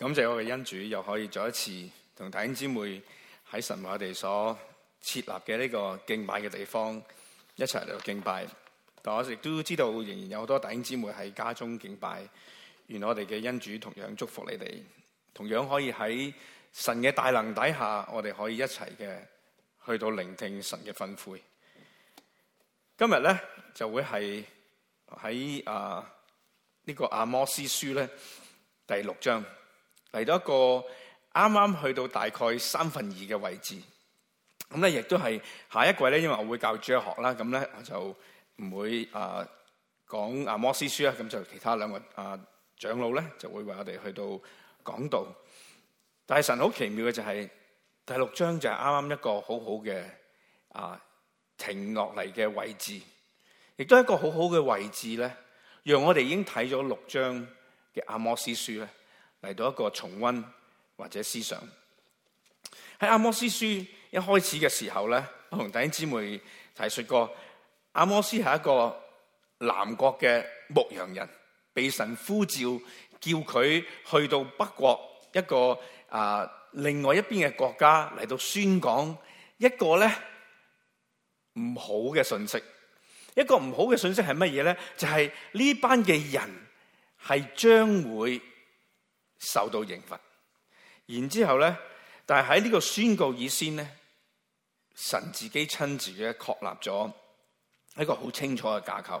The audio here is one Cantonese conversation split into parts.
感謝我嘅恩主，又可以再一次同弟兄姊妹喺神我哋所設立嘅呢個敬拜嘅地方一齊嚟到敬拜。但我亦都知道，仍然有好多弟兄姊妹喺家中敬拜。願我哋嘅恩主同樣祝福你哋，同樣可以喺神嘅大能底下，我哋可以一齊嘅去到聆聽神嘅吩咐。今日咧就會係喺啊呢個阿摩司書咧第六章。嚟到一個啱啱去到大概三分二嘅位置呢，咁咧亦都係下一季咧，因為我會教哲學啦，咁咧我就唔會啊、呃、講阿摩斯書啦。咁就其他兩個啊、呃、長老咧就會為我哋去到講道。大神好奇妙嘅就係、是、第六章就係啱啱一個很好好嘅啊停落嚟嘅位置，亦都係一個很好好嘅位置咧，讓我哋已經睇咗六章嘅阿摩斯書咧。嚟到一個重溫或者思想喺《阿摩司書》一開始嘅時候咧，我同弟兄姊妹提説過，阿摩司係一個南國嘅牧羊人，被神呼召叫佢去到北國一個啊、呃、另外一邊嘅國家嚟到宣講一個咧唔好嘅信息。一個唔好嘅信息係乜嘢咧？就係、是、呢班嘅人係將會。受到刑罰，然之後咧，但係喺呢個宣告以先咧，神自己親自嘅確立咗一個好清楚嘅架構。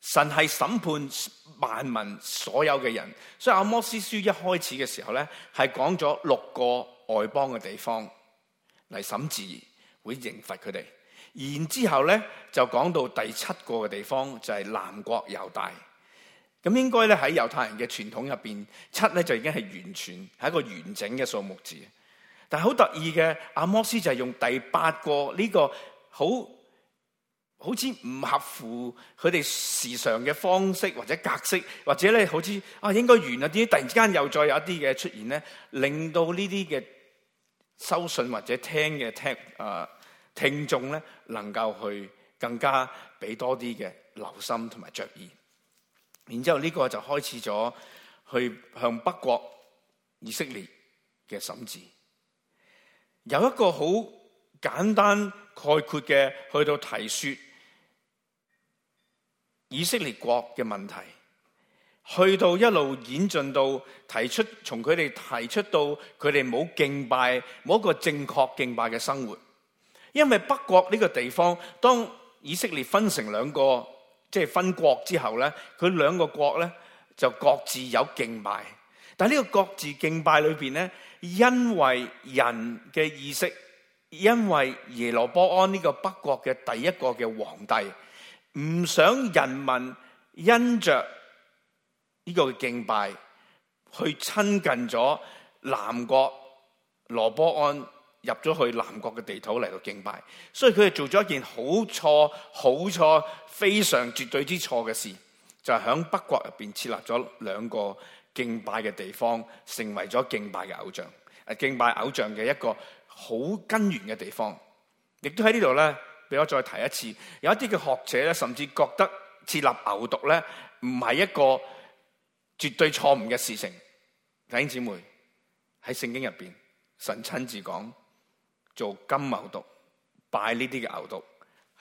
神係審判萬民所有嘅人，所以阿摩司書一開始嘅時候咧，係講咗六個外邦嘅地方嚟審判，會刑罰佢哋。然之後咧，就講到第七個嘅地方就係、是、南國猶大。咁應該咧喺猶太人嘅傳統入邊，七咧就已經係完全係一個完整嘅數目字。但係好得意嘅，阿摩司就係用第八個呢、呢個好好似唔合乎佢哋時常嘅方式或者格式，或者咧好似啊應該完啊啲，突然之間又再有一啲嘅出現咧，令到呢啲嘅收信或者聽嘅聽誒、呃、聽眾咧能夠去更加俾多啲嘅留心同埋着意。然之後呢個就開始咗去向北國以色列嘅審判，有一個好簡單概括嘅去到提說以色列國嘅問題，去到一路演進到提出從佢哋提出到佢哋冇敬拜，冇一個正確敬拜嘅生活，因為北國呢個地方當以色列分成兩個。即係分國之後咧，佢兩個國咧就各自有敬拜。但係呢個各自敬拜裏邊咧，因為人嘅意識，因為耶羅波安呢個北國嘅第一個嘅皇帝，唔想人民因着呢個敬拜去親近咗南國羅波安。入咗去南國嘅地圖嚟到敬拜，所以佢哋做咗一件好錯、好錯、非常絕對之錯嘅事，就係響北國入邊設立咗兩個敬拜嘅地方，成為咗敬拜嘅偶像，誒敬拜偶像嘅一個好根源嘅地方。亦都喺呢度呢，俾我再提一次，有一啲嘅學者咧，甚至覺得設立牛犢呢唔係一個絕對錯誤嘅事情。弟兄姊妹喺聖經入邊，神親自講。做金牛犢拜呢啲嘅牛犢，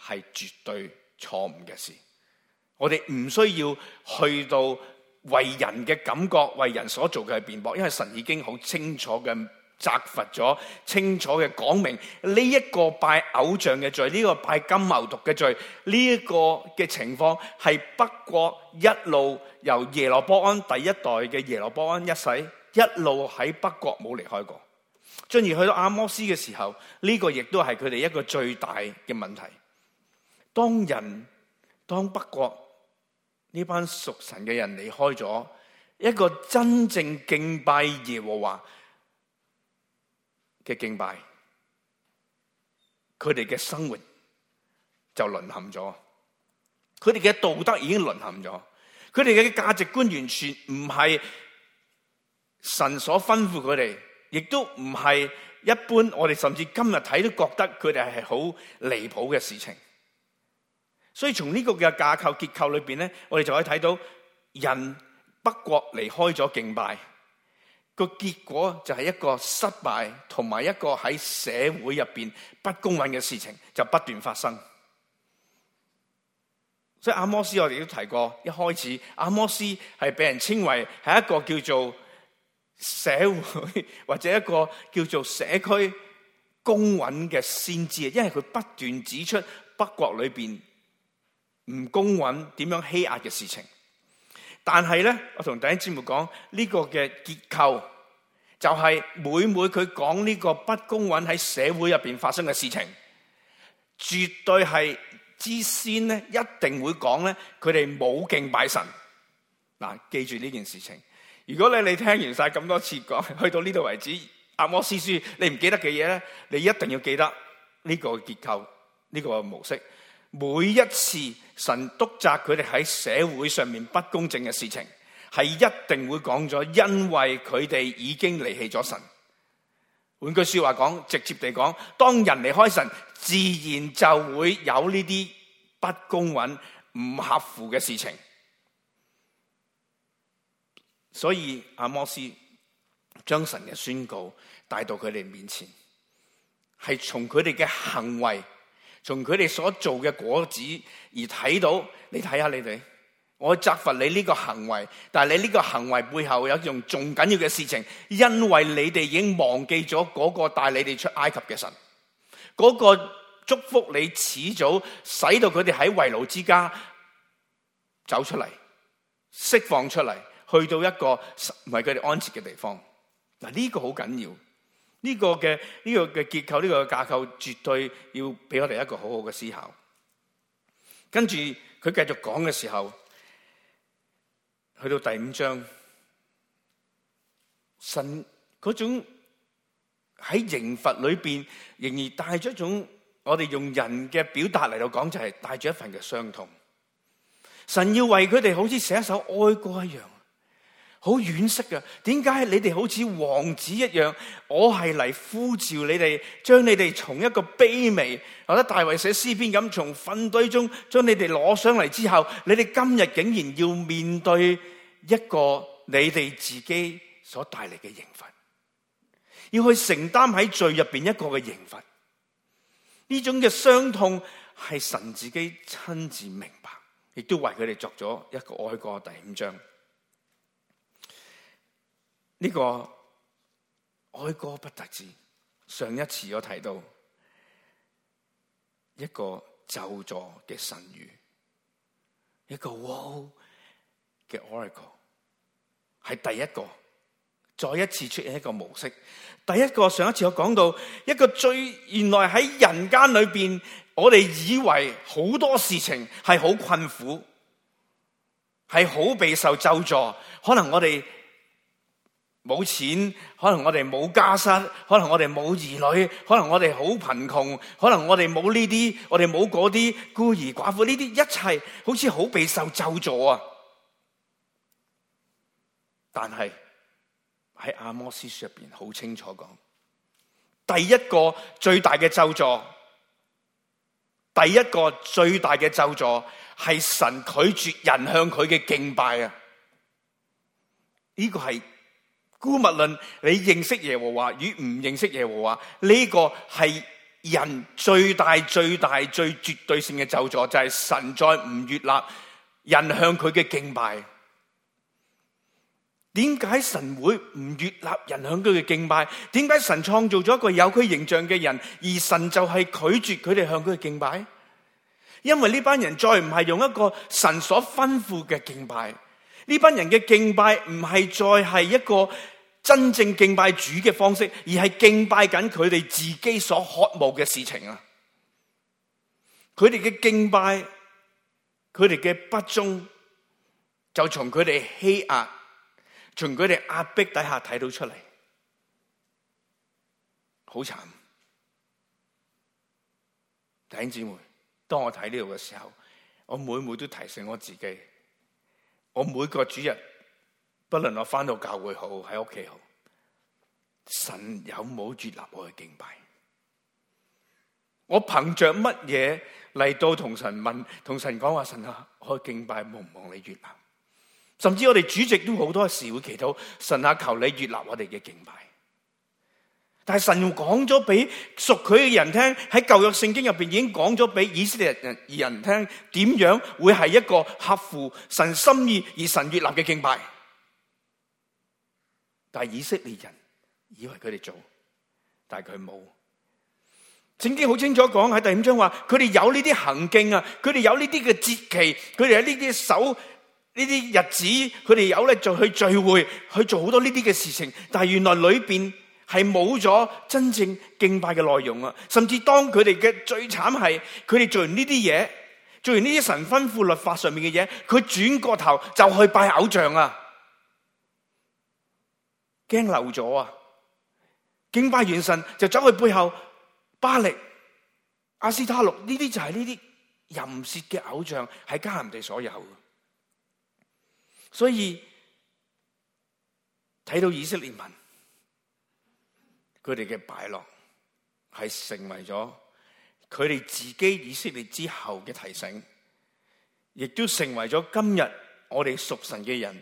係絕對錯誤嘅事，我哋唔需要去到為人嘅感覺，為人所做嘅辯駁，因為神已經好清楚嘅責罰咗，清楚嘅講明呢一個拜偶像嘅罪，呢個拜金牛犢嘅罪，呢一個嘅情況係北國一路由耶羅波安第一代嘅耶羅波安一世一路喺北國冇離開過。進而去到阿摩司嘅時候，呢個亦都係佢哋一個最大嘅問題。當人當北國呢班屬神嘅人離開咗一個真正敬拜耶和華嘅敬拜，佢哋嘅生活就淪陷咗，佢哋嘅道德已經淪陷咗，佢哋嘅價值觀完全唔係神所吩咐佢哋。亦都唔係一般，我哋甚至今日睇都覺得佢哋係好離譜嘅事情。所以從呢個嘅架構結構裏邊咧，我哋就可以睇到人北國離開咗敬拜，個結果就係一個失敗，同埋一個喺社會入邊不公允嘅事情就不斷發生。所以阿摩斯我哋都提過，一開始阿摩斯係被人稱為係一個叫做。社會或者一個叫做社區公允嘅先知，因為佢不斷指出北國裏邊唔公允、點樣欺壓嘅事情。但係咧，我同第一節目講呢、這個嘅結構，就係每每佢講呢個不公允喺社會入邊發生嘅事情，絕對係之先咧一定會講咧，佢哋冇敬拜神。嗱，記住呢件事情。如果你你聽完晒咁多次講，去到呢度為止，《阿摩司書》你唔記得嘅嘢咧，你一定要記得呢個結構，呢個模式。每一次神督責佢哋喺社會上面不公正嘅事情，係一定會講咗，因為佢哋已經離棄咗神。換句說話講，直接地講，當人離開神，自然就會有呢啲不公允、唔合乎嘅事情。所以阿摩斯將神嘅宣告帶到佢哋面前，係從佢哋嘅行為，從佢哋所做嘅果子而睇到。你睇下你哋，我責罰你呢個行為，但係你呢個行為背後有一樣仲緊要嘅事情，因為你哋已經忘記咗嗰個帶你哋出埃及嘅神，嗰個祝福你遲早使到佢哋喺為奴之家走出嚟，釋放出嚟。去到一個唔係佢哋安置嘅地方，嗱、這、呢個好緊要，呢、這個嘅呢、這個嘅結構呢、這個架構絕對要俾我哋一個好好嘅思考。跟住佢繼續講嘅時候，去到第五章，神嗰種喺刑罰裏邊，仍然帶咗一種我哋用人嘅表達嚟到講，就係、是、帶住一份嘅傷痛。神要為佢哋好似寫一首哀歌一樣。色好惋惜㗎。點解你哋好似王子一樣？我係嚟呼召你哋，將你哋從一個卑微，或者大衛寫詩篇咁，從糞堆中將你哋攞上嚟之後，你哋今日竟然要面對一個你哋自己所帶嚟嘅刑罰，要去承擔喺罪入邊一個嘅刑罰。呢種嘅傷痛係神自己親自明白，亦都為佢哋作咗一個哀歌嘅第五章。呢、這個哀歌不得志，上一次我提到一個咒咀嘅神諭，一個 woe 嘅 oracle 係第一個再一次出現一個模式。第一個上一次我講到一個最原來喺人間裏邊，我哋以為好多事情係好困苦，係好備受咒咀，可能我哋。冇錢，可能我哋冇家室，可能我哋冇兒女，可能我哋好貧窮，可能我哋冇呢啲，我哋冇嗰啲孤兒寡婦呢啲，這些一切好似好備受咒詛啊！但係喺阿摩司書入邊好清楚講，第一個最大嘅咒詛，第一個最大嘅咒詛，係神拒絕人向佢嘅敬拜啊！呢、這個係姑勿論你認識耶和華與唔認識耶和華呢、這個係人最大最大最絕對性嘅咒詛，就係、是、神再唔悅納人向佢嘅敬拜。點解神會唔悅納人向佢嘅敬拜？點解神創造咗一個有佢形象嘅人，而神就係拒絕佢哋向佢嘅敬拜？因為呢班人再唔係用一個神所吩咐嘅敬拜，呢班人嘅敬拜唔係再係一個。真正敬拜主嘅方式，而係敬拜緊佢哋自己所渴望嘅事情啊！佢哋嘅敬拜，佢哋嘅不忠，就從佢哋欺壓、從佢哋壓迫底下睇到出嚟，好慘！弟兄姊妹，當我睇呢度嘅時候，我每每都提醒我自己，我每個主日。不論我返到教會好，喺屋企好，神有冇接納我嘅敬拜？我憑着乜嘢嚟到同神問，同神講話，神啊，我嘅敬拜望唔望你接納？甚至我哋主席都好多時會祈禱，神啊，求你接納我哋嘅敬拜。但係神講咗俾熟佢嘅人聽，喺舊約聖經入邊已經講咗俾以色列人人,人聽，點樣會係一個合乎神心意而神接納嘅敬拜。但以色列人以為佢哋做，但係佢冇。聖經好清楚講喺第五章話，佢哋有呢啲行徑啊，佢哋有呢啲嘅節期，佢哋有呢啲守，呢啲日子，佢哋有咧就去聚會，去做好多呢啲嘅事情。但係原來裏面係冇咗真正敬拜嘅內容啊！甚至當佢哋嘅最慘係，佢哋做完呢啲嘢，做完呢啲神吩咐律法上面嘅嘢，佢轉過頭就去拜偶像啊！驚漏咗啊！敬拜完神就走去背後巴力、阿斯塔錄，呢啲就係呢啲淫褻嘅偶像，喺迦南地所有嘅。所以睇到以色列民，佢哋嘅敗落，係成為咗佢哋自己以色列之後嘅提醒，亦都成為咗今日我哋屬神嘅人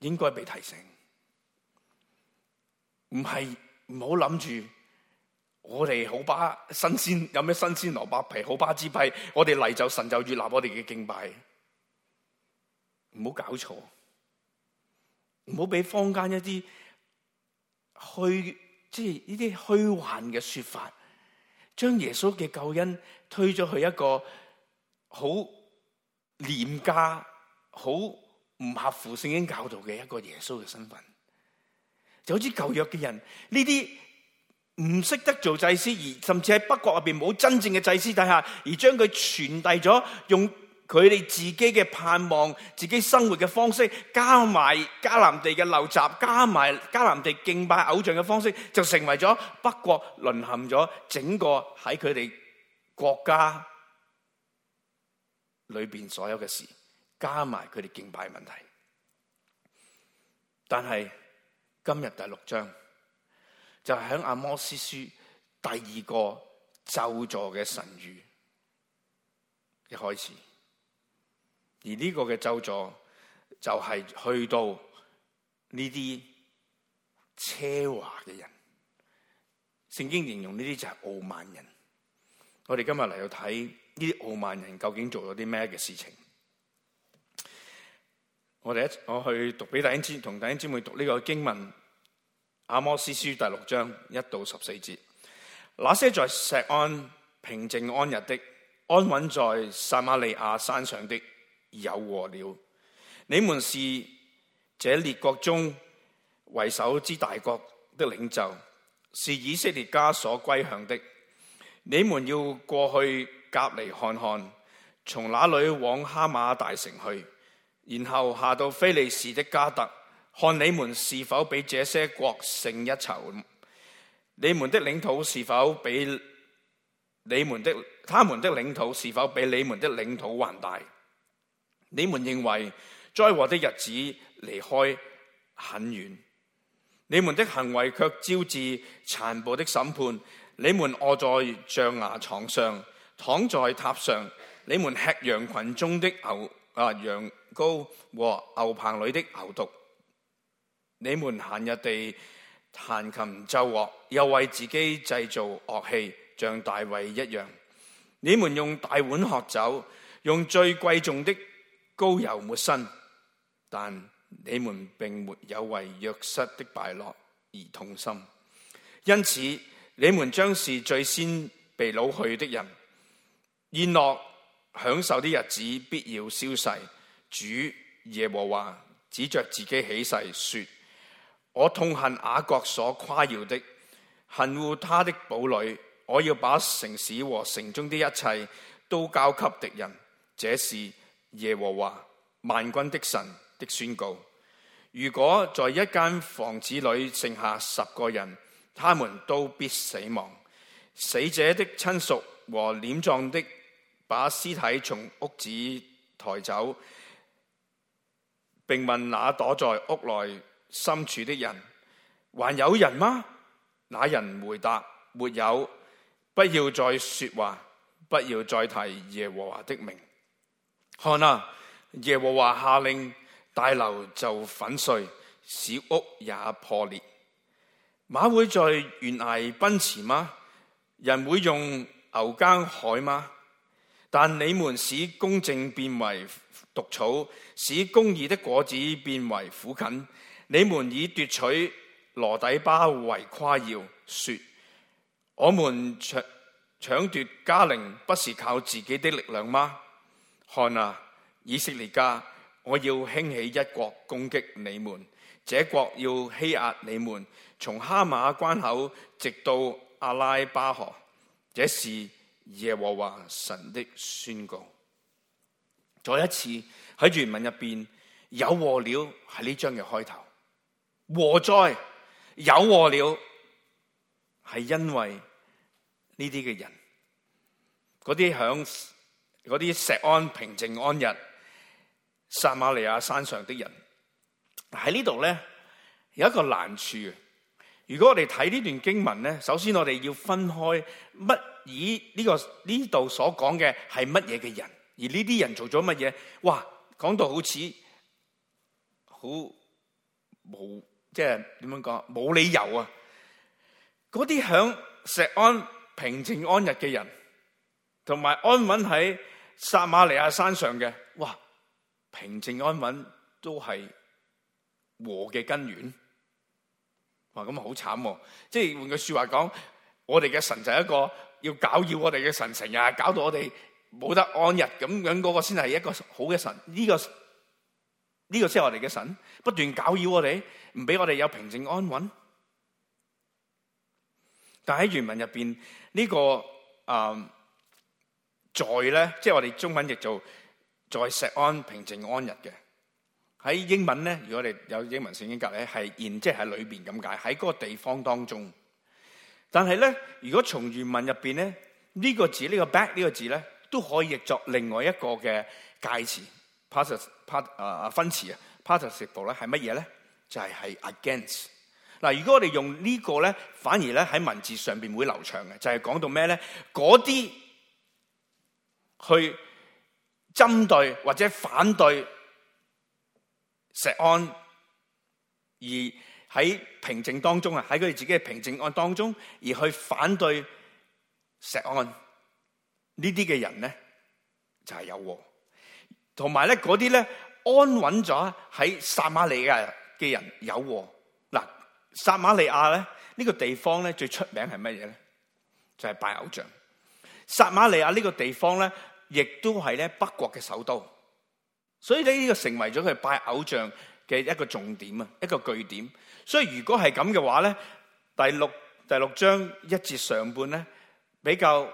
應該被提醒。唔係唔好諗住，我哋好巴新鮮，有咩新鮮蘿蔔皮好巴之弊？我哋嚟就神就悅納我哋嘅敬拜，唔好搞錯，唔好俾坊間一啲虛，即係呢啲虛幻嘅說法，將耶穌嘅救恩推咗去一個好廉價、好唔合乎聖經教導嘅一個耶穌嘅身份。就好似舊約嘅人，呢啲唔識得做祭司，而甚至喺北國入邊冇真正嘅祭司底下，而將佢傳遞咗，用佢哋自己嘅盼望、自己生活嘅方式，加埋迦南地嘅陋習，加埋迦南地敬拜偶像嘅方式，就成為咗北國淪陷咗整個喺佢哋國家裏邊所有嘅事，加埋佢哋敬拜的問題，但係。今日第六章就係響阿摩司書第二個咒咀嘅神諭嘅開始，而呢個嘅咒咀就係去到呢啲奢華嘅人，聖經形容呢啲就係傲慢人。我哋今日嚟到睇呢啲傲慢人究竟做咗啲咩嘅事情？我哋一，我去讀俾弟兄同弟兄姊妹讀呢個經文，《阿摩司書》第六章一到十四節。那些在錫安平靜安逸的，安穩在撒馬利亞山上的有禍了！你們是這列國中為首之大國的領袖，是以色列家所歸向的。你們要過去隔籬看看，從哪裡往哈馬大城去，然後下到非利士的加特，看你們是否比這些國勝一籌？你們的領土是否比你們的他們的領土是否比你們的領土還大？你們認為災禍的日子離開很遠？你們的行為卻招致殘暴的審判。你們臥在象牙床上，躺在榻上，你們吃羊群中的牛。啊！羊羔和牛棚裏的牛犢，你們閒日地彈琴奏樂，又為自己製造樂器，像大衛一樣。你們用大碗喝酒，用最貴重的膏油抹身，但你們並沒有為約瑟的敗落而痛心。因此，你們將是最先被老去的人。宴樂。享受啲日子必要消逝。主耶和華指着自己起誓說：我痛恨雅各所誇耀的，恨惡他的堡壘。我要把城市和城中的一切都交給敵人。這是耶和華萬軍的神的宣告。如果在一間房子裏剩下十個人，他們都必死亡。死者的親屬和殮葬的。把屍體從屋子抬走，並問那躲在屋內深處的人：還有人嗎？那人回答：沒有。不要再說話，不要再提耶和華的名。看啊，耶和華下令，大樓就粉碎，小屋也破裂。馬會在懸崖奔馳嗎？人會用牛耕海嗎？但你們使公正變為毒草，使公義的果子變為苦堇。你們以奪取羅底巴為誇耀，說：我們搶搶奪加寧不是靠自己的力量嗎？看啊，以色列家，我要興起一國攻擊你們，這國要欺壓你們，從哈馬關口直到阿拉巴河，這是。耶和華神的宣告，再一次喺原文入邊，有禍了。喺呢章嘅開頭，禍災，有禍了，係因為呢啲嘅人，嗰啲響嗰啲錫安平靜安逸撒瑪利亞山上的人，但喺呢度咧，有一個難處。如果我哋睇呢段經文咧，首先我哋要分開乜以呢、這個呢度所講嘅係乜嘢嘅人，而呢啲人做咗乜嘢？哇，講到好似好冇，即係點樣講？冇、就是、理由啊！嗰啲響錫安平靜安逸嘅人，同埋安穩喺撒瑪利亞山上嘅，哇！平靜安穩都係禍嘅根源。話咁好慘，即係換句說話講，我哋嘅神就係一個要搞擾我哋嘅神，成日搞到我哋冇得安逸咁樣嗰個先係一個好嘅神。呢、這個呢、這個先係我哋嘅神，不斷搞擾我哋，唔俾我哋有平靜安穩。但係喺原文入邊、這個呃、呢個啊在咧，即係我哋中文譯做在錫安平靜安逸」嘅。喺英文咧，如果我哋有英文聖經格咧，係 in，即係喺裏邊咁解，喺嗰個地方當中。但係咧，如果從原文入邊咧，呢、這個字、呢、這個 back、呢個字咧，都可以譯作另外一個嘅介詞，part，part 啊分詞啊，participle 咧係乜嘢咧？就係、是、係 against。嗱，如果我哋用這個呢個咧，反而咧喺文字上邊會流暢嘅，就係、是、講到咩咧？嗰啲去針對或者反對。石安而喺平靜當中啊，喺佢哋自己嘅平靜案當中，而去反對石安呢啲嘅人咧，就係有禍。同埋咧，嗰啲咧安穩咗喺撒瑪利亞嘅人有禍。嗱，撒瑪利亞咧呢個地方咧最出名係乜嘢咧？就係拜偶像。撒瑪利亞呢個地方咧，亦都係咧北國嘅首都。所以呢個成為咗佢拜偶像嘅一個重點啊，一個據點。所以如果係咁嘅話咧，第六第六章一節上半咧比較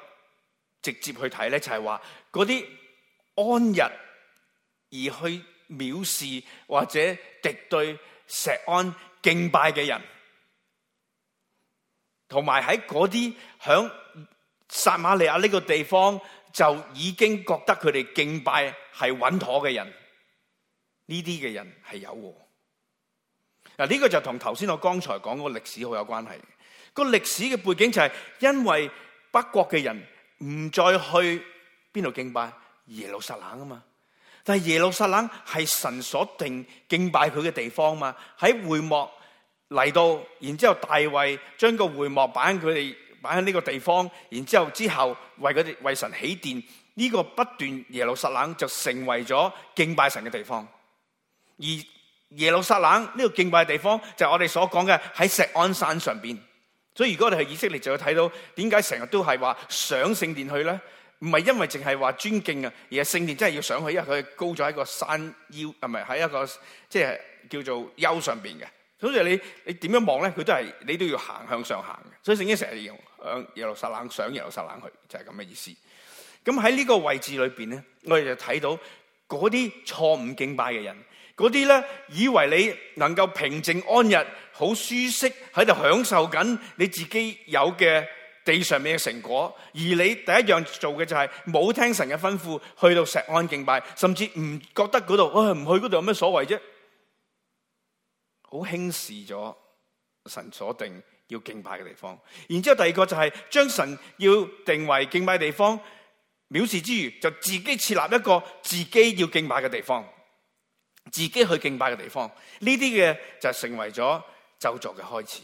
直接去睇咧，就係話啲安逸而去藐視或者敵對錫安敬拜嘅人，同埋喺啲響撒瑪利亞呢個地方就已經覺得佢哋敬拜係穩妥嘅人。呢啲嘅人係有喎，嗱、這、呢個就同頭先我剛才講嗰個歷史好有關係。個歷史嘅背景就係因為北國嘅人唔再去邊度敬拜耶路撒冷啊嘛，但係耶路撒冷係神所定敬拜佢嘅地方嘛。喺會幕嚟到，然之後大衛將個會幕擺喺佢哋擺喺呢個地方，然之後之後為佢哋為神起殿，呢、這個不斷耶路撒冷就成為咗敬拜神嘅地方。而耶路撒冷呢個敬拜嘅地方，就係我哋所講嘅喺錫安山上邊。所以如果我哋去以色列，就會睇到點解成日都係話上聖殿去咧，唔係因為淨係話尊敬啊，而係聖殿真係要上去，因為佢高咗喺個山腰，係咪？喺一個即係叫做丘上邊嘅。所以你你點樣望咧，佢都係你都要行向上行嘅。所以聖經成日要向耶路撒冷上耶路撒冷去，就係咁嘅意思。咁喺呢個位置裏邊咧，我哋就睇到嗰啲錯誤敬拜嘅人。嗰啲呢，以為你能夠平靜安逸，好舒適喺度享受緊你自己有嘅地上面嘅成果，而你第一樣做嘅就係、是、冇聽神嘅吩咐，去到錫安敬拜，甚至唔覺得嗰度，唔、哎、去嗰度有咩所謂啫，好輕視咗神所定要敬拜嘅地方。然之後第二個就係、是、將神要定為敬拜的地方，藐視之餘就自己設立一個自己要敬拜嘅地方。自己去敬拜嘅地方，呢啲嘅就成為咗咒詛嘅開始。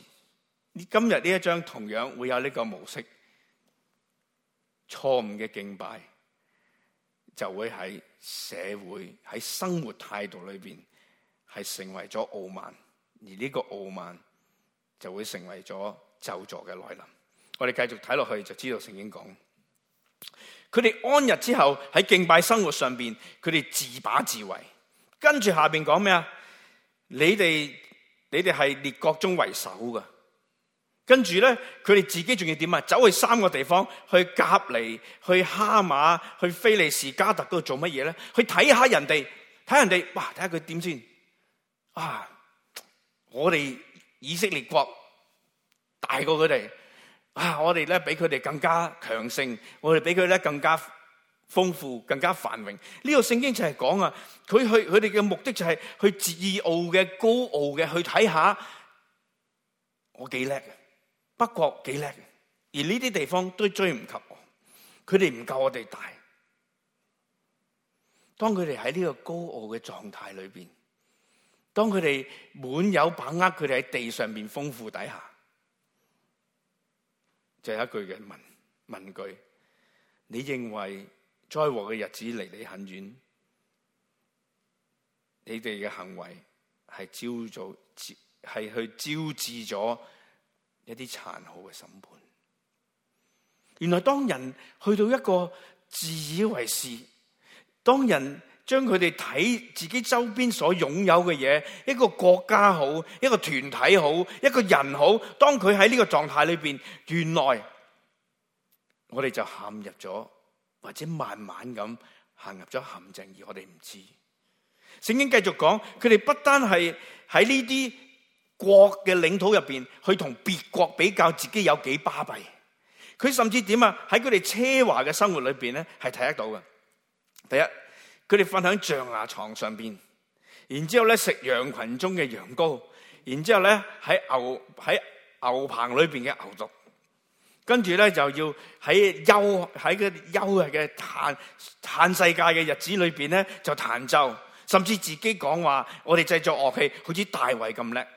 今日呢一章同樣會有呢個模式，錯誤嘅敬拜就會喺社會喺生活態度裏邊係成為咗傲慢，而呢個傲慢就會成為咗咒詛嘅來臨。我哋繼續睇落去就知道聖經講，佢哋安逸之後喺敬拜生活上邊，佢哋自把自為。跟住下邊講咩啊？你哋你哋係列國中為首噶，跟住咧佢哋自己仲要點啊？走去三個地方去甲尼、去哈馬、去菲利士加特嗰度做乜嘢咧？去睇下人哋，睇人哋哇！睇下佢點先啊！我哋以色列國大過佢哋啊！我哋咧比佢哋更加強盛，我哋比佢咧更加。豐富更加繁榮，呢、這個聖經就係講啊，佢去佢哋嘅目的就係去自傲嘅、高傲嘅去睇下我幾叻嘅，北國幾叻嘅，而呢啲地方都追唔及我，佢哋唔夠我哋大。當佢哋喺呢個高傲嘅狀態裏邊，當佢哋滿有把握，佢哋喺地上面豐富底下，就係、是、一句嘅文文句，你認為？災禍嘅日子離你很遠，你哋嘅行為係招係去招致咗一啲殘酷嘅審判。原來當人去到一個自以為是，當人將佢哋睇自己周邊所擁有嘅嘢，一個國家好，一個團體好，一個人好，當佢喺呢個狀態裏邊，原來我哋就陷入咗。或者慢慢咁行入咗陷阱，而我哋唔知。聖經繼續講，佢哋不單係喺呢啲國嘅領土入邊，去同別國比較自己有幾巴閉。佢甚至點啊？喺佢哋奢華嘅生活裏邊咧，係睇得到嘅。第一，佢哋瞓喺象牙床上邊，然之後咧食羊群中嘅羊羔，然之後咧喺牛喺牛棚裏邊嘅牛犢。跟住咧就要喺休喺嗰休日嘅嘆嘆世界嘅日子裏邊咧就彈奏，甚至自己講話，我哋製作樂器好似大衛咁叻。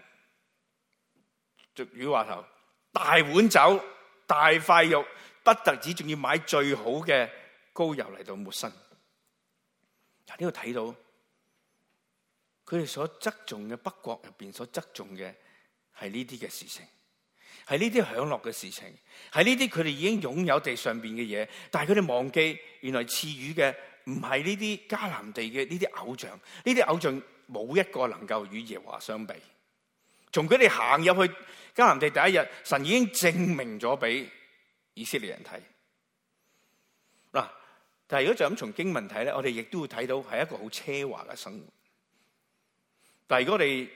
俗語話頭大碗酒大塊肉，不得止仲要買最好嘅膏油嚟到抹身。嗱，呢度睇到佢哋所側重嘅，北國入邊所側重嘅係呢啲嘅事情。係呢啲享樂嘅事情，係呢啲佢哋已經擁有地上邊嘅嘢，但係佢哋忘記原來賜予嘅唔係呢啲迦南地嘅呢啲偶像，呢啲偶像冇一個能夠與耶和華相比。從佢哋行入去迦南地第一日，神已經證明咗俾以色列人睇。嗱，但係如果就咁從經文睇咧，我哋亦都會睇到係一個好奢華嘅生活。但係如果我哋，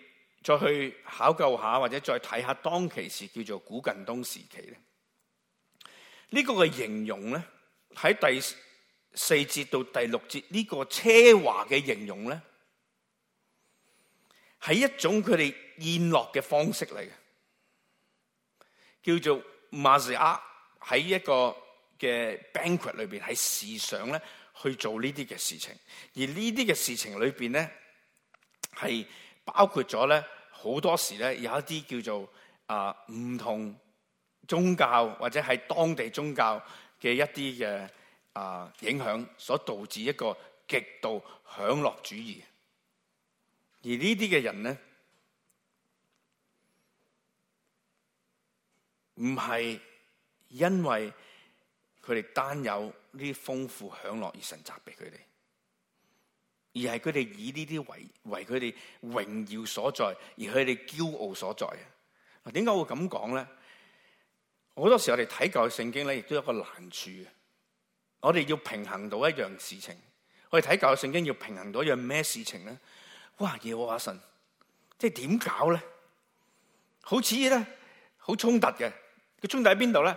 再去考究下，或者再睇下當其時叫做古近東時期咧，呢個嘅形容咧喺第四節到第六節呢個奢華嘅形容咧，係一種佢哋宴樂嘅方式嚟嘅，叫做馬士亞喺一個嘅 banquet 裏邊喺時常咧去做呢啲嘅事情，而呢啲嘅事情裏邊咧係。包括咗咧，好多時咧有一啲叫做啊唔同宗教或者係當地宗教嘅一啲嘅啊影響，所導致一個極度享樂主義。而呢啲嘅人咧，唔係因為佢哋單有呢啲豐富享樂而神責俾佢哋。而係佢哋以呢啲為為佢哋榮耀所在，而佢哋驕傲所在啊！點解我會咁講咧？好多時候我哋睇舊約聖經咧，亦都有一個難處啊！我哋要平衡到一樣事情，我哋睇舊約聖經要平衡到一樣咩事情咧？哇！耶和華神，即係點搞咧？好似咧好衝突嘅，佢衝突喺邊度咧？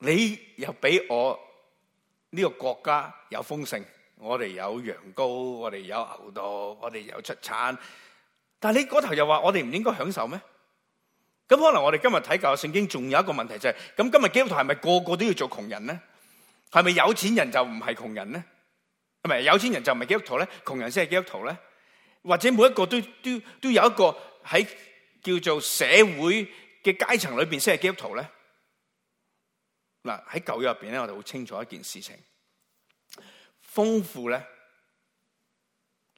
你又俾我呢個國家有豐盛？我哋有羊羔，我哋有牛到，我哋有出產。但係你嗰頭又話我哋唔應該享受咩？咁可能我哋今日睇教聖經，仲有一個問題就係、是：咁今日基督徒係咪個個都要做窮人咧？係咪有錢人就唔係窮人咧？係咪有錢人就唔係基督徒咧？窮人先係基督徒咧？或者每一個都都都，都有一個喺叫做社會嘅階層裏邊先係基督徒咧？嗱喺舊約入邊咧，我哋好清楚一件事情。豐富咧，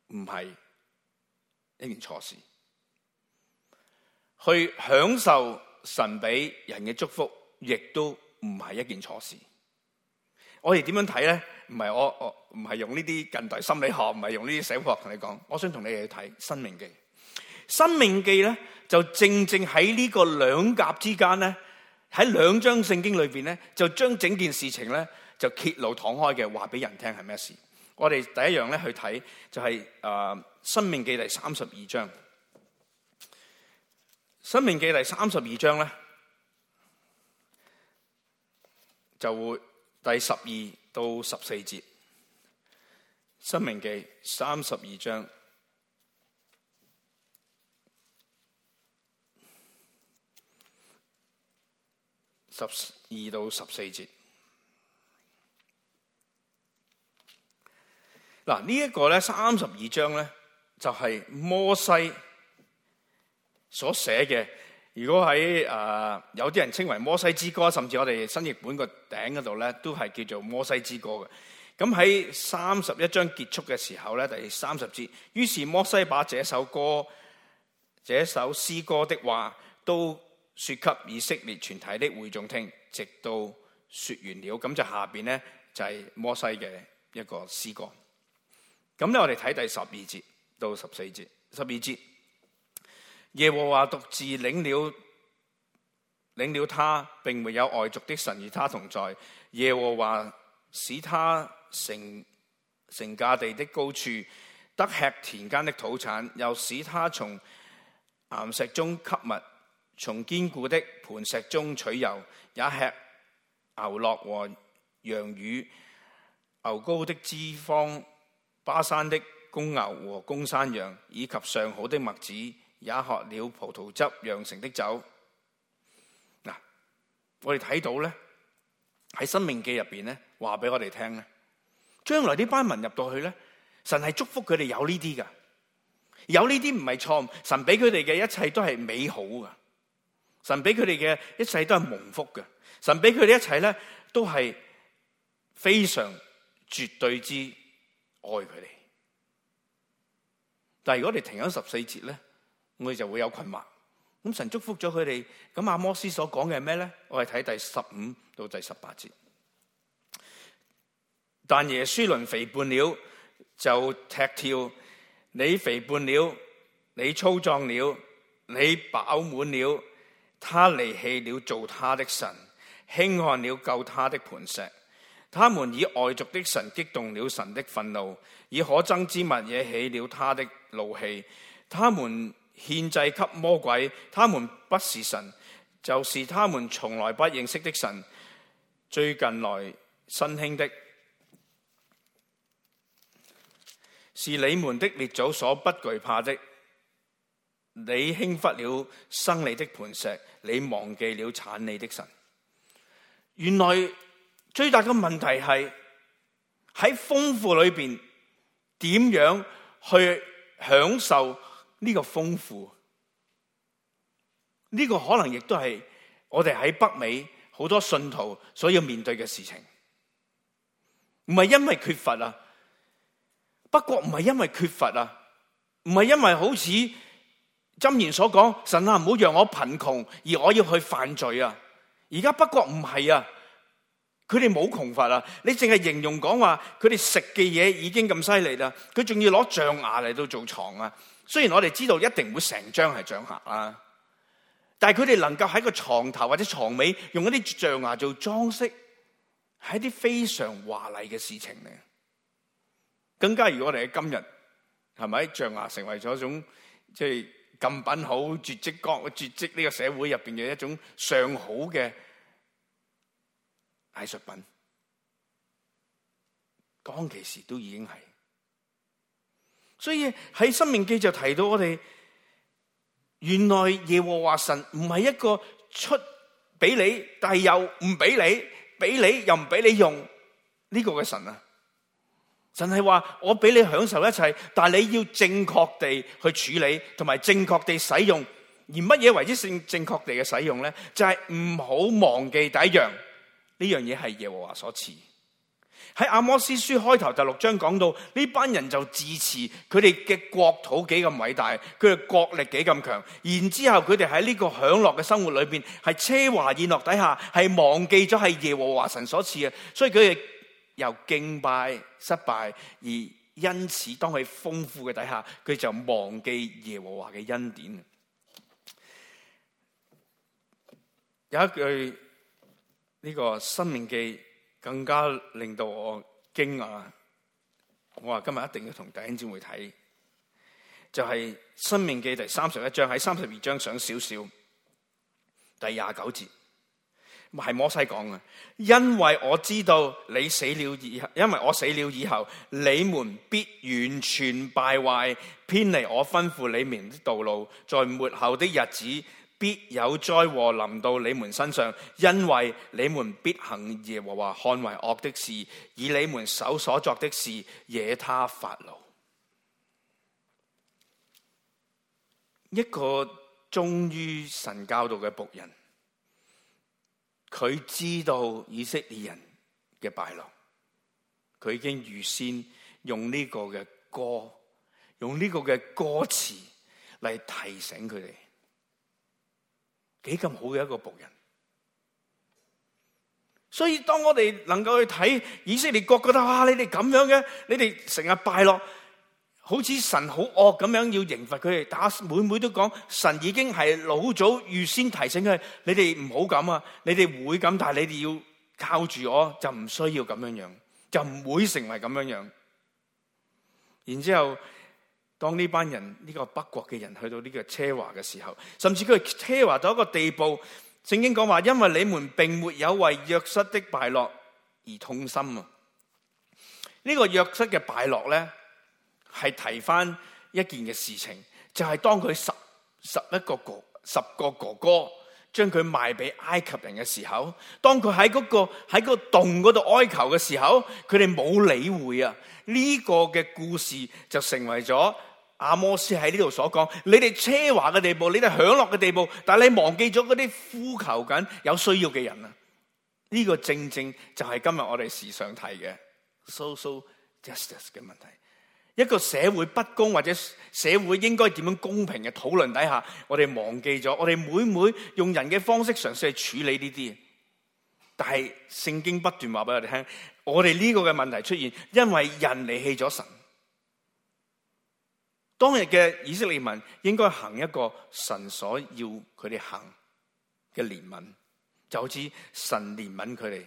唔係一件錯事；去享受神俾人嘅祝福，亦都唔係一件錯事。我哋點樣睇咧？唔係我我唔係用呢啲近代心理學，唔係用呢啲社會學同你講。我想同你哋去睇《生命記》，《生命記》咧就正正喺呢個兩甲之間咧，喺兩章聖經裏邊咧，就將整件事情咧，就揭露敞開嘅話俾人聽係咩事？我哋第一樣咧去睇就係、是、誒、呃《申命記》第三十二章，《申命記》第三十二章咧就會第十二到十四節，《申命記》三十二章十二到十四節。嗱、這個，呢一個咧三十二章咧就係、是、摩西所寫嘅。如果喺、呃、有啲人稱為摩西之歌，甚至我哋新譯本個頂嗰度咧都係叫做摩西之歌嘅。咁喺三十一章結束嘅時候咧，第三十節，於是摩西把這首歌、這首詩歌的話都説給以色列全體的會眾聽，直到説完了，咁就下面咧就係、是、摩西嘅一個詩歌。咁呢，我哋睇第十二節到十四節。十二節，耶和華獨自領了領了他，並沒有外族的神與他同在。耶和華使他成成架地的高處，得吃田間的土產，又使他從岩石中吸物，從堅固的磐石中取油，也吃牛酪和羊乳、牛膏的脂肪。巴山的公牛和公山羊，以及上好的麥子，也喝了葡萄汁釀成的酒。嗱，我哋睇到咧，喺《申命記》入邊咧，話俾我哋聽咧，將來啲班民入到去咧，神係祝福佢哋有呢啲噶，有呢啲唔係錯誤，神俾佢哋嘅一切都係美好噶，神俾佢哋嘅一切都係蒙福㗎。神俾佢哋一切咧都係非常絕對之。愛佢哋，但係如果你停喺十四節咧，我哋就會有困惑。咁神祝福咗佢哋，咁阿摩斯所講嘅係咩咧？我哋睇第十五到第十八節。但耶書崙肥胖了就踢跳，你肥胖了，你粗壯了，你飽滿了，他離棄了做他的神，輕看了救他的磐石。他們以外族的神激動了神的憤怒，以可憎之物惹起了他的怒氣。他們獻祭給魔鬼，他們不是神，就是他們從來不認識的神。最近來新興的，是你們的列祖所不懼怕的。你輕忽了生你的磐石，你忘記了產你的神。原來。最大嘅問題係喺豐富裏面，點樣去享受呢個豐富？呢、這個可能亦都係我哋喺北美好多信徒所要面對嘅事情。唔係因為缺乏啊，不過唔係因為缺乏啊，唔係因為好似箴言所講，神啊，唔好讓我貧窮而我要去犯罪啊。而家不過唔係啊。佢哋冇窮乏啦，你淨係形容講話佢哋食嘅嘢已經咁犀利啦，佢仲要攞象牙嚟到做床啊！雖然我哋知道一定唔會成張係象牙啦，但係佢哋能夠喺個床頭或者床尾用一啲象牙做裝飾，係一啲非常華麗嘅事情嚟。更加如果我哋喺今日，係咪象牙成為咗一種即係咁品好絕跡國絕跡呢個社會入面嘅一種上好嘅？藝術品，當其時都已經係，所以喺《在生命記》就提到我哋，原來耶和華神唔係一個出畀你，但係又唔畀你，畀你又唔畀你用呢、這個嘅神啊！神係話我畀你享受一切，但你要正確地去處理，同埋正確地使用。而乜嘢為之正確地嘅使用呢？就係唔好忘記第一樣。呢樣嘢係耶和華所賜。喺阿摩斯書開頭第六章講到，呢班人就自恃佢哋嘅國土幾咁偉大，佢哋國力幾咁強，然之後佢哋喺呢個享樂嘅生活裏邊，係奢華宴樂底下，係忘記咗係耶和華神所賜嘅，所以佢哋由敬拜失敗，而因此當佢豐富嘅底下，佢就忘記耶和華嘅恩典。有一句。呢、這個《申命記》更加令到我驚訝，我話今日一定要同弟兄姊妹睇，就係、是《申命記》第三十一章喺三十二章上少少，第廿九節，係摩西講嘅，因為我知道你死了以後，因為我死了以後，你們必完全敗壞，偏離我吩咐你們的道路，在末後的日子。必有災禍臨到你們身上，因為你們必行耶和華看為惡的事，以你們手所作的事惹他發怒。一個忠於神教導嘅僕人，佢知道以色列人嘅敗落，佢已經預先用呢個嘅歌，用呢個嘅歌詞嚟提醒佢哋。幾咁好嘅一個僕人，所以當我哋能夠去睇以色列國，覺得啊，你哋咁樣嘅，你哋成日敗落，好似神好惡咁樣要刑罰佢哋，打，每每都講神已經係老早預先提醒佢，你哋唔好咁啊，你哋會咁，但係你哋要靠住我，就唔需要咁樣樣，就唔會成為咁樣樣，然之後。當呢班人呢、呢個北國嘅人去到呢個奢華嘅時候，甚至佢奢華到一個地步，聖經講話，因為你們並沒有為約瑟的敗落而痛心啊！呢、呢個約瑟嘅敗落呢，係提翻一件嘅事情，就係、是、當佢十十一個哥十個哥哥將佢賣俾埃及人嘅時候，當佢喺嗰個喺個洞嗰度哀求嘅時候，佢哋冇理會啊！呢、個嘅故事就成為咗阿摩斯喺呢度所講，你哋奢華嘅地步，你哋享樂嘅地步，但係你忘記咗嗰啲呼求緊有需要嘅人啊！呢、個正正就係今日我哋時常提嘅 social justice 嘅問題。一個社會不公或者社會應該點樣公平嘅討論底下，我哋忘記咗，我哋每,每每用人嘅方式嘗試去處理呢啲，但係聖經不斷話俾我哋聽。我哋呢個嘅問題出現，因為人離棄咗神。當日嘅以色列民應該行一個神所要佢哋行嘅憐憫，就好似神憐憫佢哋，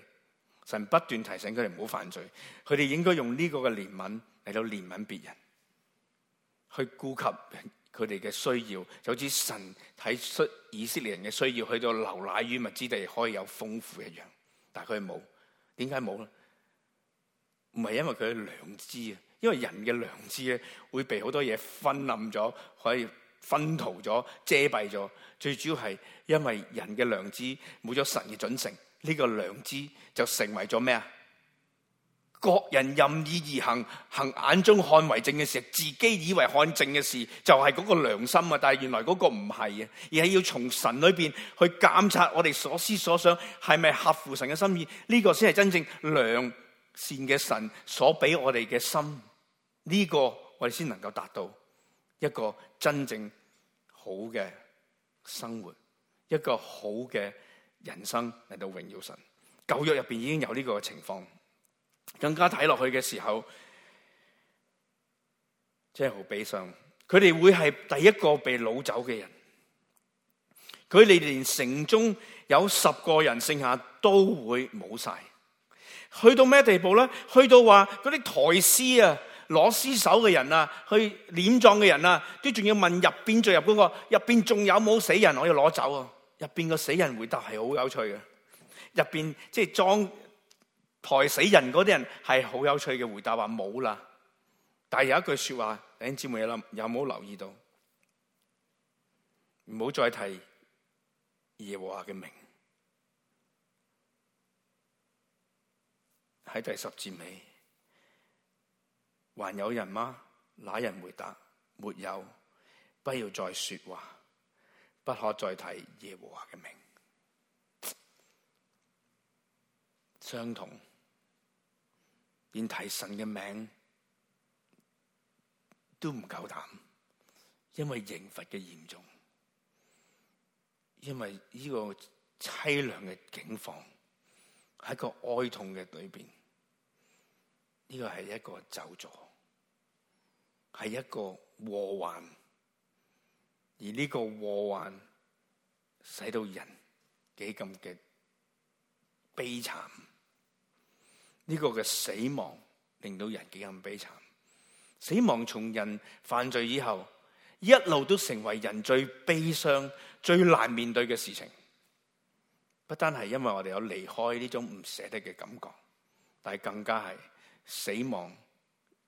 神不斷提醒佢哋唔好犯罪，佢哋應該用呢個嘅憐憫嚟到憐憫別人，去顧及佢哋嘅需要，就好似神睇出以色列人嘅需要，去到流奶與蜜之地可以有豐富一樣，但係佢冇，點解冇咧？唔係因為佢嘅良知啊，因為人嘅良知咧會被好多嘢分冧咗，可以熏陶咗遮蔽咗。最主要係因為人嘅良知冇咗神嘅準繩，呢、這個良知就成為咗咩啊？各人任意而行，行眼中看為正嘅事，自己以為看正嘅事就係、是、嗰個良心啊！但係原來嗰個唔係啊，而係要從神裏邊去監察我哋所思所想係咪合乎神嘅心意，呢、這個先係真正良。善嘅神所俾我哋嘅心，呢、這個我哋先能夠達到一個真正好嘅生活，一個好嘅人生嚟到榮耀神。舊約入邊已經有呢個情況，更加睇落去嘅時候，真係好悲傷。佢哋會係第一個被擄走嘅人，佢哋連城中有十個人剩下都會冇晒。去到咩地步咧？去到話啲抬屍啊、攞屍首嘅人啊、去殮葬嘅人啊，都仲要問入邊最入嗰個，入邊仲有冇死人我要攞走啊？入邊個死人回答係好有趣嘅，入邊即係裝抬死人啲人係好有趣嘅回答，話冇啦。但係有一句說話，弟兄姊妹有諗有冇留意到？唔好再提耶和華嘅名。喺第十節尾，還有人嗎？那人回答：沒有。不要再說話，不可再提耶和華的名。傷痛連提神的名都唔夠膽，因為刑罰的嚴重，因為這個凄涼嘅境況喺一個哀痛的裏面呢個係一個走咗，係一個禍患，而呢個禍患使到人幾咁嘅悲慘，呢個嘅死亡令到人幾咁悲慘。死亡從人犯罪以後，一路都成為人最悲傷、最難面對嘅事情。不單係因為我哋有離開呢種唔捨得嘅感覺，但係更加係。死亡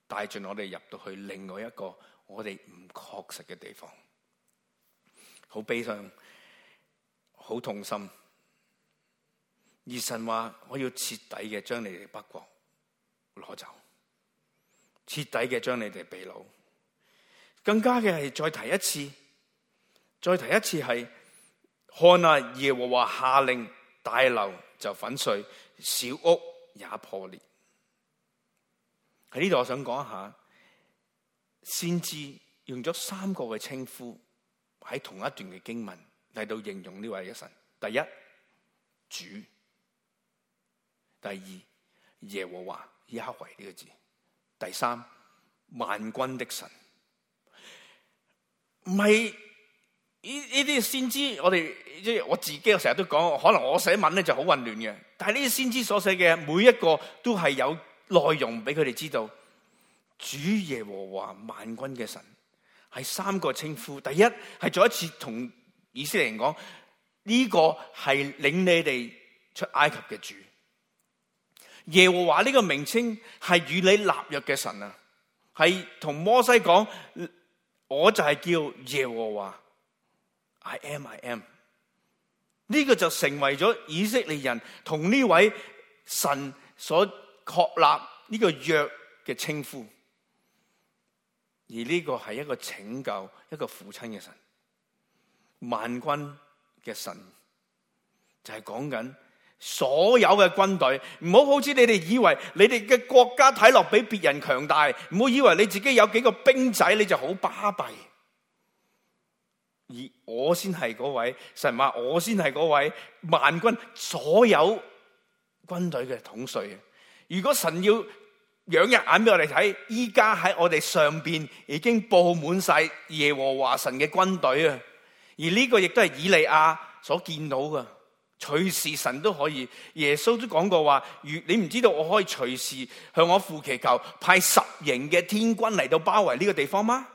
帶住我哋入到去另外一個我哋唔確實嘅地方，很傷，好悲傷，好痛心。而神話我要徹底嘅將你哋北國攞走，徹底嘅將你哋秘魯，更加嘅係再提一次，再提一次係看啊！耶和華下令，大樓就粉碎，小屋也破裂。喺呢度我想講一下先知用咗三個嘅稱呼喺同一段嘅經文嚟到形容呢位嘅神。第一主，第二耶和華 Yahweh 呢個字，第三萬軍的神。唔係呢呢啲先知，我哋即係我自己，成日都講，可能我寫文咧就好混亂嘅。但係呢啲先知所寫嘅每一個都係有。內容俾佢哋知道，主耶和華萬軍嘅神係三個稱呼，第一係再一次同以色列人講，呢、這個係領你哋出埃及嘅主，耶和華呢個名稱係與你立約嘅神啊，係同摩西講，我就係叫耶和華，I am I am，呢個就成為咗以色列人同呢位神所確立呢個約嘅稱呼，而呢個係一個拯救一個父親嘅神，萬軍嘅神，就係講緊所有嘅軍隊，唔好好似你哋以為你哋嘅國家睇落比別人強大，唔好以為你自己有幾個兵仔你就好巴閉，而我先係嗰位神嘛，我先係嗰位萬軍所有軍隊嘅統帥。如果神要仰一眼俾我哋睇，依家喺我哋上邊已經布滿晒耶和華神嘅軍隊啊！而呢個亦都係以利亞所見到噶。隨時神都可以，耶穌都講過話：如你唔知道，我可以隨時向我父祈求，派十營嘅天軍嚟到包圍呢個地方嗎？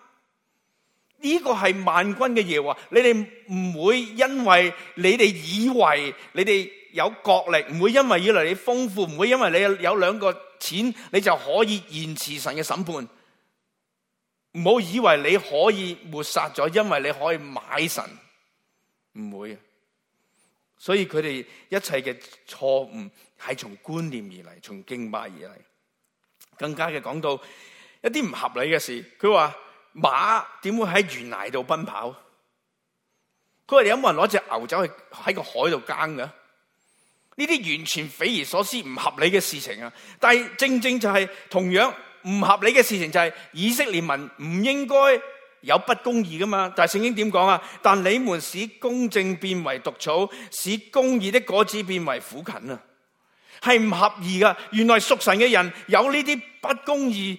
呢、這個係萬軍嘅耶和華，你哋唔會因為你哋以為你哋。有角力唔會因為以嚟你豐富，唔會因為你有兩個錢，你就可以延遲神嘅審判。唔好以為你可以抹殺咗，因為你可以買神，唔會。所以佢哋一切嘅錯誤係從觀念而嚟，從敬拜而嚟。更加嘅講到一啲唔合理嘅事，佢話馬點會喺懸崖度奔跑？佢話你有冇人攞隻牛走去喺個海度耕噶？呢啲完全匪夷所思、唔合理嘅事情啊！但係正正就係、是、同樣唔合理嘅事情、就是，就係以色列民唔應該有不公義噶嘛。但聖經點講啊？但你們使公正變為毒草，使公義的果子變為苦堇啊！係唔合宜噶。原來屬神嘅人有呢啲不公義、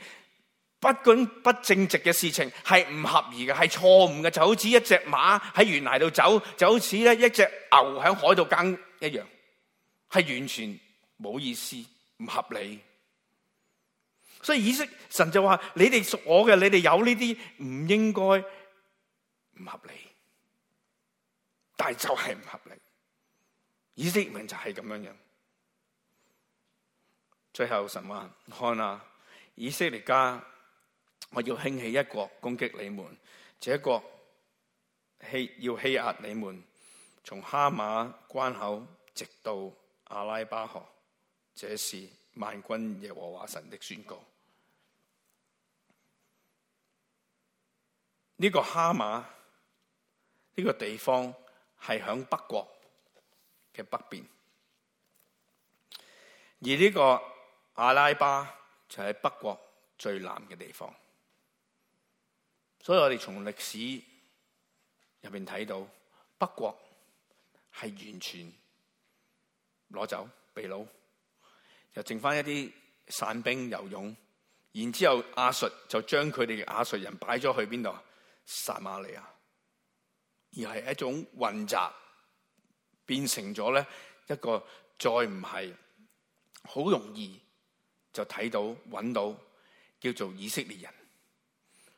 不公不正直嘅事情，係唔合宜嘅，係錯誤嘅。就好似一隻馬喺懸崖度走，就好似咧一隻牛喺海度耕一樣。係完全冇意思，唔合理。所以以色列神就話：你哋屬我嘅，你哋有呢啲唔應該唔合理，但係就係唔合理。以色列民就係咁樣樣。最後神話：看啊，以色列家，我要興起一國攻擊你們，這一國欺要欺壓你們，從哈馬關口直到。阿拉巴河，這是萬軍耶和華神的宣告。呢、這個哈馬呢、這個地方係響北國嘅北邊，而呢個阿拉巴就喺北國最南嘅地方。所以我哋從歷史入面睇到，北國係完全。攞走被擄，又剩翻一啲散兵游勇。然之後亞述就將佢哋嘅亞述人擺咗去邊度？撒馬利亞，而係一種混雜，變成咗咧一個再唔係好容易就睇到搵到叫做以色列人。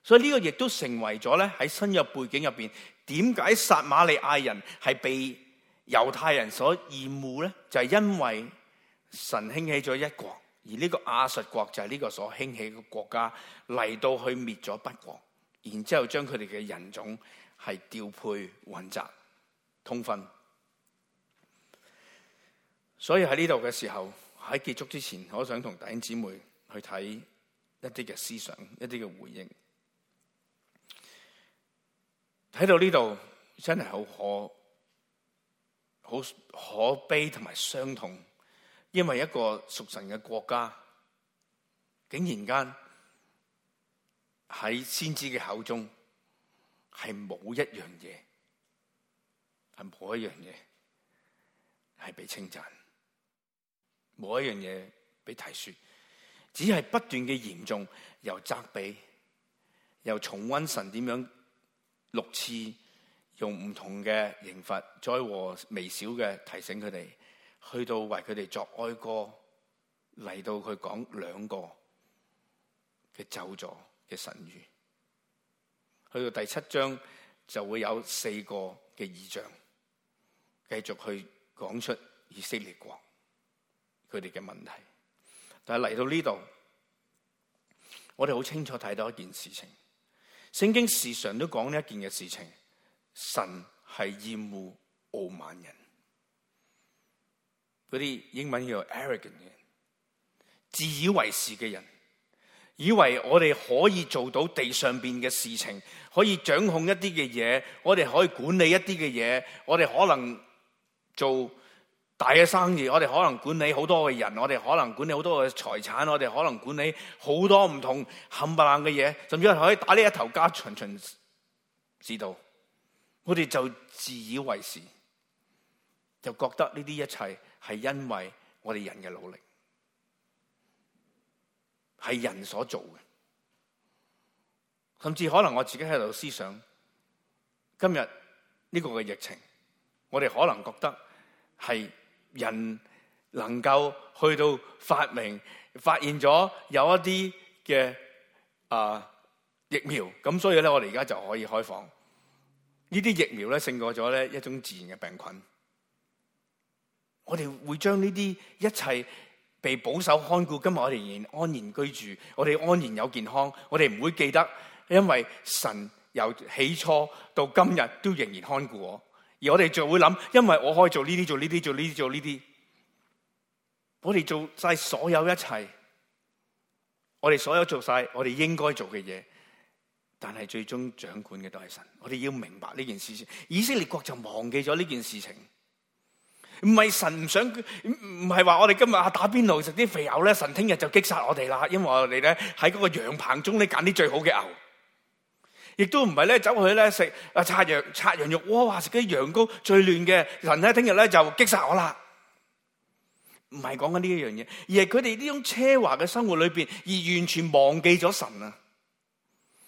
所以呢個亦都成為咗咧喺新約背景入邊，點解撒馬利亞人係被？猶太人所厭惡咧，就係、是、因為神興起咗一國，而呢個亞述國就係呢個所興起嘅國家嚟，到去滅咗北國，然之後將佢哋嘅人種係調配混雜通分。所以喺呢度嘅時候，喺結束之前，我想同弟兄姊妹去睇一啲嘅思想，一啲嘅回應。睇到呢度真係好可。好可悲同埋傷痛，因為一個屬神嘅國家，竟然間喺先知嘅口中係冇一樣嘢，係冇一樣嘢係被稱讚，冇一樣嘢被提説，只係不斷嘅嚴重，又責備，又重溫神點樣六次。用唔同嘅刑罰，災禍微小嘅提醒佢哋，去到為佢哋作哀歌，嚟到佢講兩個嘅咒詛嘅神諭，去到第七章就會有四個嘅異象，繼續去講出以色列國佢哋嘅問題。但係嚟到呢度，我哋好清楚睇到一件事情，聖經時常都講呢一件嘅事情。神係厭惡傲慢人，嗰啲英文叫做 arrogant 嘅人，自以為是嘅人，以為我哋可以做到地上邊嘅事情，可以掌控一啲嘅嘢，我哋可以管理一啲嘅嘢，我哋可能做大嘅生意，我哋可能管理好多嘅人，我哋可能管理好多嘅財產，我哋可能管理好多唔同冚唪唥嘅嘢，甚至可以打呢一頭家，全全知道。我哋就自以為是，就覺得呢啲一切是因為我哋人嘅努力，是人所做嘅，甚至可能我自己喺度思想，今日呢個嘅疫情，我哋可能覺得是人能夠去到發明、發現咗有一啲嘅啊疫苗，咁所以呢，我哋而家就可以開放。呢啲疫苗咧勝過咗咧一種自然嘅病菌，我哋會將呢啲一切被保守看顧，今日我哋仍然安然居住，我哋安然有健康，我哋唔會記得，因為神由起初到今日都仍然看顧我，而我哋就會諗，因為我可以做呢啲，做呢啲，做呢啲，做呢啲，我哋做晒所有一切，我哋所有做晒我哋應該做嘅嘢。但係最終掌管嘅都係神，我哋要明白呢件事情。以色列國就忘記咗呢件事情，唔係神唔想，唔係話我哋今日啊打邊爐食啲肥牛咧，神聽日就擊殺我哋啦。因為我哋咧喺嗰個羊棚中咧揀啲最好嘅牛，亦都唔係咧走去咧食啊，涮羊涮羊肉，哇、哦！食、啊、啲羊羔最嫩嘅，神咧聽日咧就擊殺我啦。唔係講緊呢一樣嘢，而係佢哋呢種奢華嘅生活裏邊，而完全忘記咗神啊。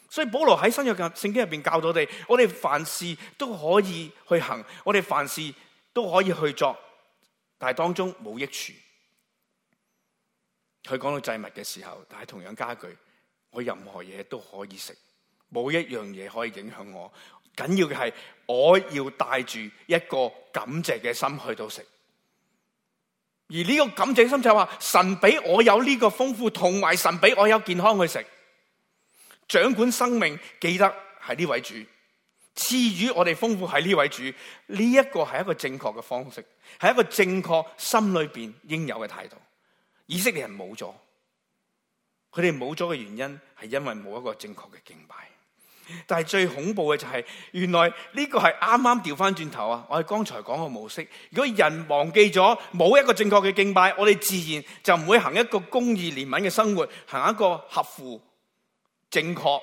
所以保羅喺新約聖經入面教到：「我哋，我哋凡事都可以去行，我哋凡事都可以去做，但係當中冇益處。佢講到祭物嘅時候，但係同樣家具，我任何嘢都可以食，冇一樣嘢可以影響我。緊要嘅係，我要帶住一個感謝嘅心去到食。而呢個感謝的心就係話神畀我有呢個豐富，同埋神畀我有健康去食。掌管生命，記得係呢位主賜予我哋豐富，係呢位主，呢一個係一個正確嘅方式，係一個正確心裏邊應有嘅態度。以色列人冇咗，佢哋冇咗嘅原因係因為冇一個正確嘅敬拜。但係最恐怖嘅就係，原來呢個係啱啱調翻轉頭啊！我哋剛才講嘅模式，如果人忘記咗冇一個正確嘅敬拜，我哋自然就唔會行一個公義憐憫嘅生活，行一個合乎。正確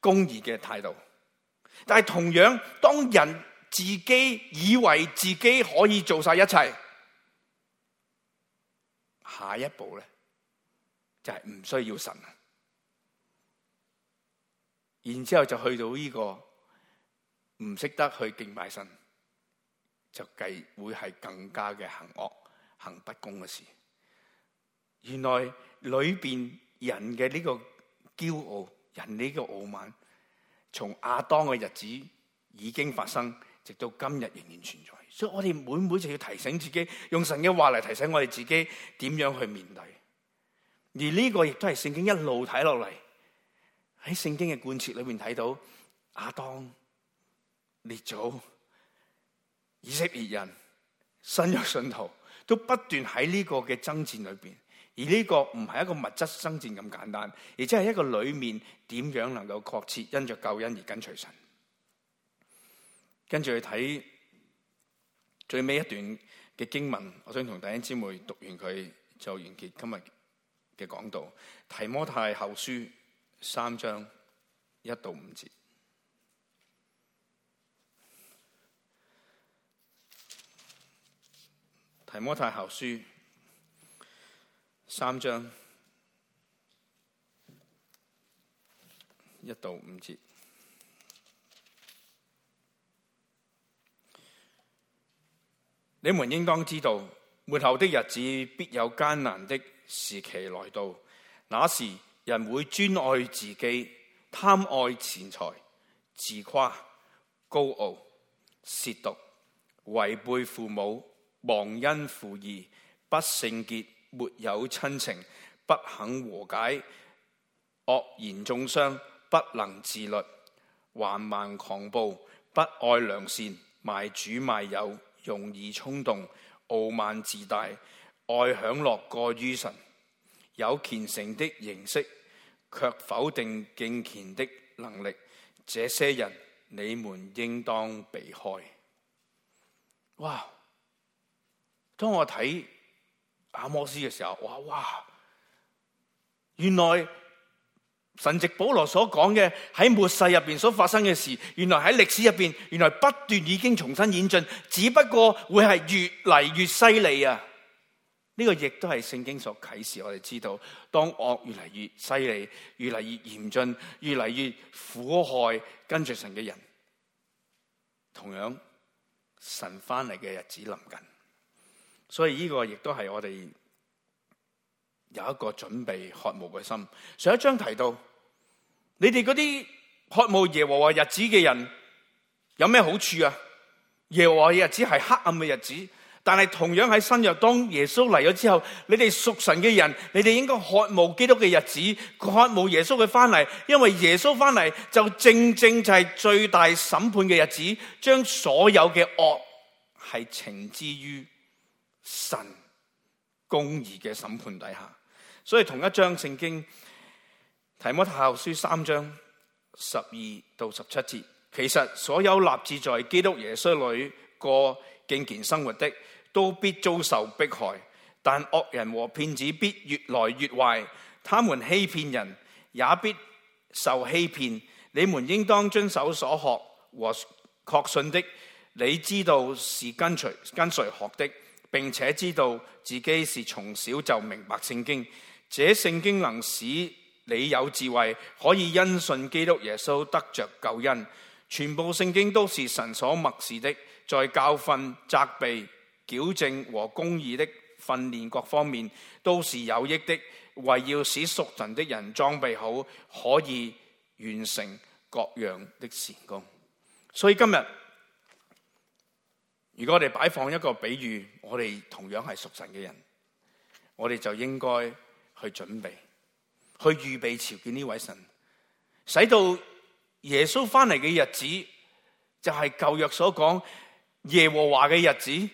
公義嘅態度，但係同樣當人自己以為自己可以做晒一切，下一步咧就係、是、唔需要神，然之後就去到呢個唔識得去敬拜神，就計會係更加嘅行惡、行不公嘅事。原來裏邊人嘅呢、這個。驕傲人呢個傲慢，從亞當嘅日子已經發生，直到今日仍然存在。所以我哋每每就要提醒自己，用神嘅話嚟，提醒我哋自己點樣去面對。而呢個亦都係聖經一路睇落嚟，喺聖經嘅貫徹裡面睇到，亞當、列祖、以色列人、新約信徒，都不斷喺呢個嘅爭戰裡邊。而呢個唔係一個物質爭戰咁簡單，而係一個裏面點樣能夠確切因着救恩而跟隨神。跟住去睇最尾一段嘅經文，我想同弟兄姊妹讀完佢，就完結今日嘅講道。提摩太後書三章一到五節。提摩太後書。三章一到五節，你們應當知道，末後的日子必有艱難的時期來到。那時，人會專愛自己，貪愛錢財，自誇、高傲、褻瀆，違背父母，忘恩負義，不聖潔。沒有親情，不肯和解，惡言中傷，不能自律，橫蠻狂暴，不愛良善，賣主賣友，容易衝動，傲慢自大，愛享樂過於神，有虔誠的形式卻否定敬虔的能力。這些人，你們應當避開。哇！當我睇。阿摩司嘅時候，哇哇！原來神藉保羅所講嘅喺末世入邊所發生嘅事，原來喺歷史入邊，原來不斷已經重新演進，只不過會係越嚟越犀利啊！呢個亦都係聖經所啟示我哋知道，當惡越嚟越犀利，越嚟越嚴峻，越嚟越苦害跟住神嘅人，同樣神返嚟嘅日子臨近。所以呢個亦都係我哋有一個準備渴慕嘅心。上一章提到，你哋嗰啲渴慕耶和華日子嘅人，有咩好處啊？耶和華嘅日子係黑暗嘅日子，但係同樣喺新約當耶穌嚟咗之後，你哋屬神嘅人，你哋應該渴慕基督嘅日子，渴慕耶穌嘅翻嚟，因為耶穌翻嚟就正正就係最大審判嘅日子，將所有嘅惡係懲治於神公義嘅審判底下，所以同一章聖經提摩太書三章十二到十七節，其實所有立志在基督耶穌裏過敬虔生活的，都必遭受迫害，但惡人和騙子必越來越壞，他們欺騙人，也必受欺騙。你們應當遵守所學和確信的，你知道是跟隨跟誰學的。並且知道自己是從小就明白聖經，這聖經能使你有智慧，可以因信基督耶穌得着救恩。全部聖經都是神所默示的，在教訓、責備、矯正和公義的訓練各方面都是有益的，為要使屬神的人裝備好，可以完成各樣的善工。所以今日。如果我哋擺放一個比喻，我哋同樣係屬神嘅人，我哋就應該去準備，去預備朝見呢位神，使到耶穌翻嚟嘅日子，就係舊約所講耶和華嘅日子，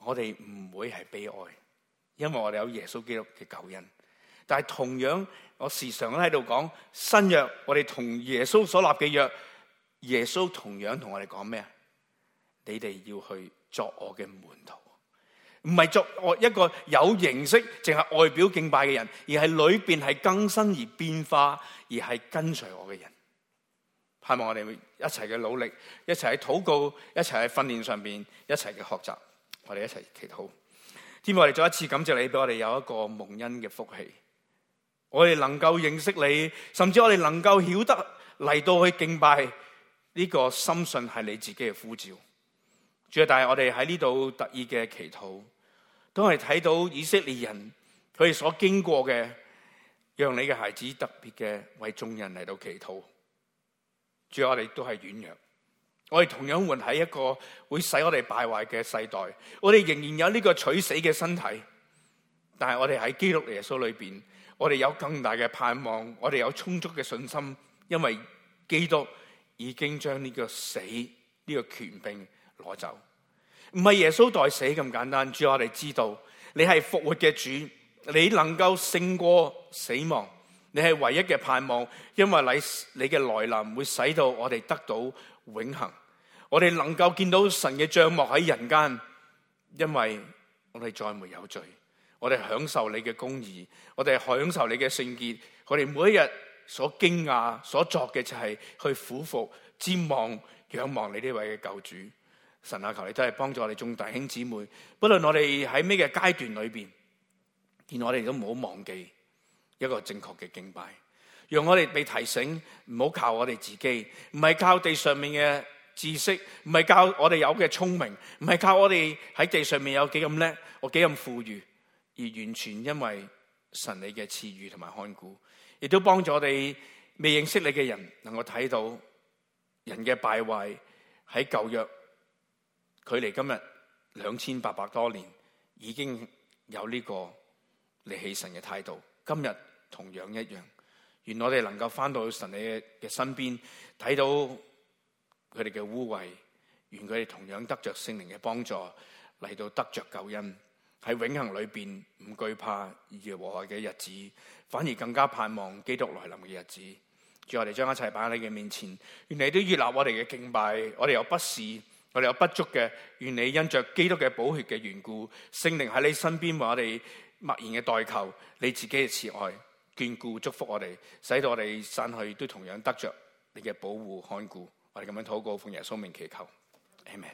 我哋唔會係悲哀，因為我哋有耶穌基督嘅救恩。但係同樣，我時常都喺度講新約，我哋同耶穌所立嘅約，耶穌同樣同我哋講咩啊？你哋要去作我嘅門徒，唔係作我一個有形式淨係外表敬拜嘅人，而係裏邊係更新而變化，而係跟隨我嘅人。盼望我哋會一齊嘅努力，一齊喺禱告，一齊喺訓練上邊，一齊嘅學、學習，我哋一齊祈禱。希望我哋再一次感謝你，俾我哋有一個蒙恩嘅福氣。我哋能夠認識你，甚至我哋能夠曉得嚟到去敬拜呢個，深信係你自己嘅呼召。主啊，但係我哋喺呢度特意嘅祈禱，當我哋睇到以色列人佢哋所經過嘅，讓你嘅孩子特別嘅為眾人嚟到祈禱。主啊，我哋都係軟弱，我哋同樣活喺一個會使我哋敗壞嘅世代，我哋仍然有呢個取死嘅身體。但係我哋喺基督耶穌裏邊，我哋有更大嘅盼望，我哋有充足嘅信心，因為基督已經將呢個死呢、呢個權柄。攞走，唔係耶穌代死咁簡單。主要我哋知道你係復活嘅主，你能夠勝過死亡。你係唯一嘅盼望，因為你，你嘅來臨會使到我哋得到永恆，我哋能夠見到神嘅帳幕喺人間，因為我哋再沒有罪，我哋享受你嘅公義，我哋享受你嘅聖潔。我哋每一日所驚訝、所作嘅就係去俯伏、瞻望、仰望你呢位嘅救主。神阿，求你都係幫助我哋眾弟兄姊妹，不論我哋喺咩嘅階段裏邊，見我哋都唔好忘記一個正確嘅敬拜，讓我哋被提醒，唔好靠我哋自己，唔係靠地上面嘅知識，唔係靠我哋有嘅聰明，唔係靠我哋喺地上面有幾咁叻，我幾咁富裕，而完全因為神你嘅賜予同埋看顧，亦都幫助我哋未認識你嘅人能夠睇到人嘅敗壞喺舊約。距離今日兩千八百多年，已經有呢個離棄神嘅態度。今日同樣一樣，願我哋能夠返到神你嘅身邊，睇到佢哋嘅污穢，願佢哋同樣得着聖靈嘅幫助，嚟到得着救恩，喺永恒裏邊唔懼怕耶和華嘅日子，反而更加盼望基督來臨嘅日子。願我哋將一切擺喺你嘅面前，願你都悅納我哋嘅敬拜，我哋又不是。我哋有不足嘅，願你因着基督嘅寶血嘅緣故，聖靈喺你身邊，為我哋默然嘅代求，你自己嘅慈愛眷顧、祝福我哋，使到我哋散去都同樣得着你嘅保護看顧。我哋咁樣禱告，奉耶穌名祈求，阿門。